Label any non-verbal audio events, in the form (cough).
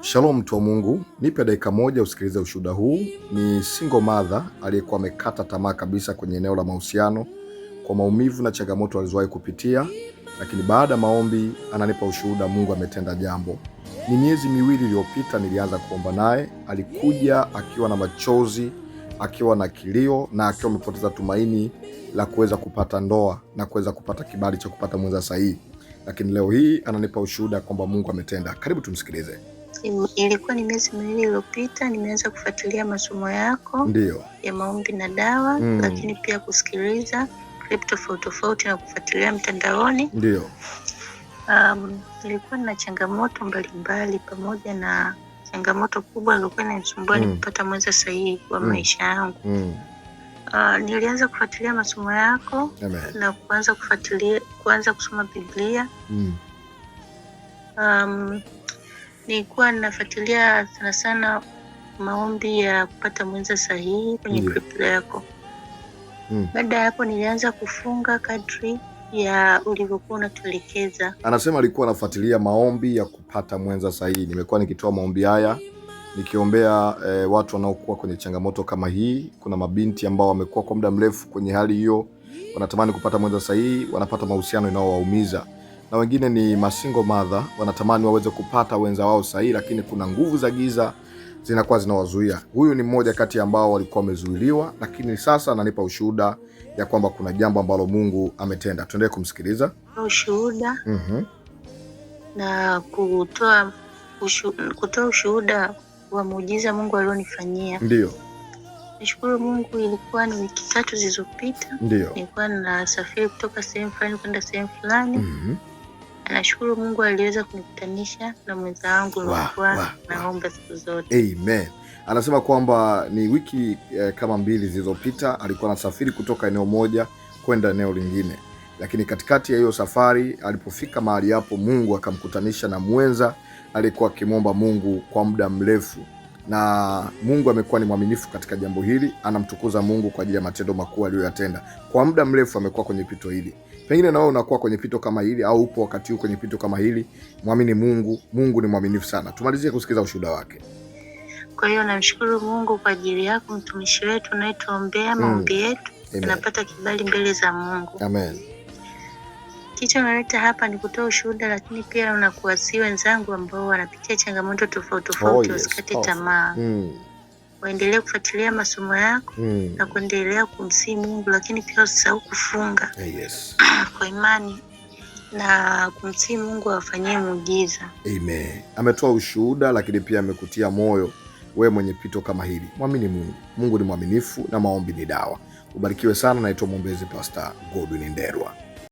Shalom, mtu wa Mungu, nipe dakika moja usikilize ushuhuda huu. Ni single mother aliyekuwa amekata tamaa kabisa kwenye eneo la mahusiano kwa maumivu na changamoto alizowahi kupitia, lakini baada ya maombi ananipa ushuhuda, Mungu ametenda jambo. Ni miezi miwili iliyopita nilianza kuomba naye, alikuja akiwa na machozi, akiwa na kilio na akiwa amepoteza tumaini la kuweza kupata ndoa na kuweza kupata kibali cha kupata mwenza sahihi, lakini leo hii ananipa ushuhuda kwamba Mungu ametenda. Karibu tumsikilize ilikuwa ni miezi miwili iliyopita, nimeanza kufuatilia masomo yako Ndiyo. ya maombi na dawa mm. lakini pia kusikiliza clip tofauti tofauti na kufuatilia mtandaoni Ndiyo. Um, ilikuwa na changamoto mbalimbali pamoja na changamoto kubwa ilikuwa inanisumbua mm. ni kupata mwenza sahihi kwa mm. maisha yangu mm. Uh, nilianza kufuatilia masomo yako Amen. na kuanza kufuatilia kuanza kusoma Biblia mm. um, nilikuwa nafuatilia sana sana maombi ya kupata mwenza sahihi kwenye yeah. yako mm. Baada ya hapo nilianza kufunga kadri ya ulivyokuwa unatuelekeza. Anasema alikuwa anafuatilia maombi ya kupata mwenza sahihi. Nimekuwa nikitoa maombi haya nikiombea eh, watu wanaokuwa kwenye changamoto kama hii. Kuna mabinti ambao wamekuwa kwa muda mrefu kwenye hali hiyo, wanatamani kupata mwenza sahihi, wanapata mahusiano inaowaumiza na wengine ni masingo madha, wanatamani waweze kupata wenza wao sahihi, lakini kuna nguvu za giza zinakuwa zinawazuia. Huyu ni mmoja kati ambao walikuwa wamezuiliwa, lakini sasa ananipa ushuhuda ya kwamba kuna jambo ambalo Mungu ametenda. Tuendelee kumsikiliza ushuhuda. mm -hmm. na kutoa ushu, kutoa ushuhuda wa muujiza Mungu alionifanyia. Ndio, nishukuru Mungu. Ilikuwa ni wiki tatu zilizopita, ndio nilikuwa nasafiri kutoka sehemu fulani kwenda sehemu fulani. mm -hmm. Nashukuru Mungu aliweza kunikutanisha na mwenza wangu Ruhwa, naomba siku zote Amen. Anasema kwamba ni wiki eh, kama mbili zilizopita alikuwa anasafiri kutoka eneo moja kwenda eneo lingine, lakini katikati ya hiyo safari alipofika mahali hapo, Mungu akamkutanisha na mwenza aliyekuwa akimwomba Mungu kwa muda mrefu na Mungu amekuwa ni mwaminifu katika jambo hili. Anamtukuza Mungu kwa ajili ya matendo makuu aliyoyatenda kwa muda mrefu. Amekuwa kwenye pito hili, pengine na wewe unakuwa kwenye pito kama hili, au upo wakati huu kwenye pito kama hili. Mwamini Mungu, Mungu ni mwaminifu sana. Tumalizie kusikiliza ushuhuda wake. Kwa hiyo namshukuru Mungu kwa ajili yako mtumishi wetu unayetuombea maombi mm. yetu, anapata kibali mbele za Mungu. Amen naleta hapa ni kutoa ushuhuda, lakini pia unakuwasii wenzangu ambao wanapitia changamoto tofauti tofauti, wasikate oh, yes, tamaa mm. Waendelee kufuatilia masomo yako mm. na kuendelea kumsii Mungu, lakini pia usisahau kufunga eh, yes. (clears throat) kwa imani na kumsii Mungu awafanyie muujiza. Amen. Ametoa ushuhuda, lakini pia amekutia moyo wewe mwenye pito kama hili. Mwamini Mungu, Mungu ni mwaminifu na maombi ni dawa. Ubarikiwe sana. Naitwa mwombezi Pastor Godwin Ndelwa.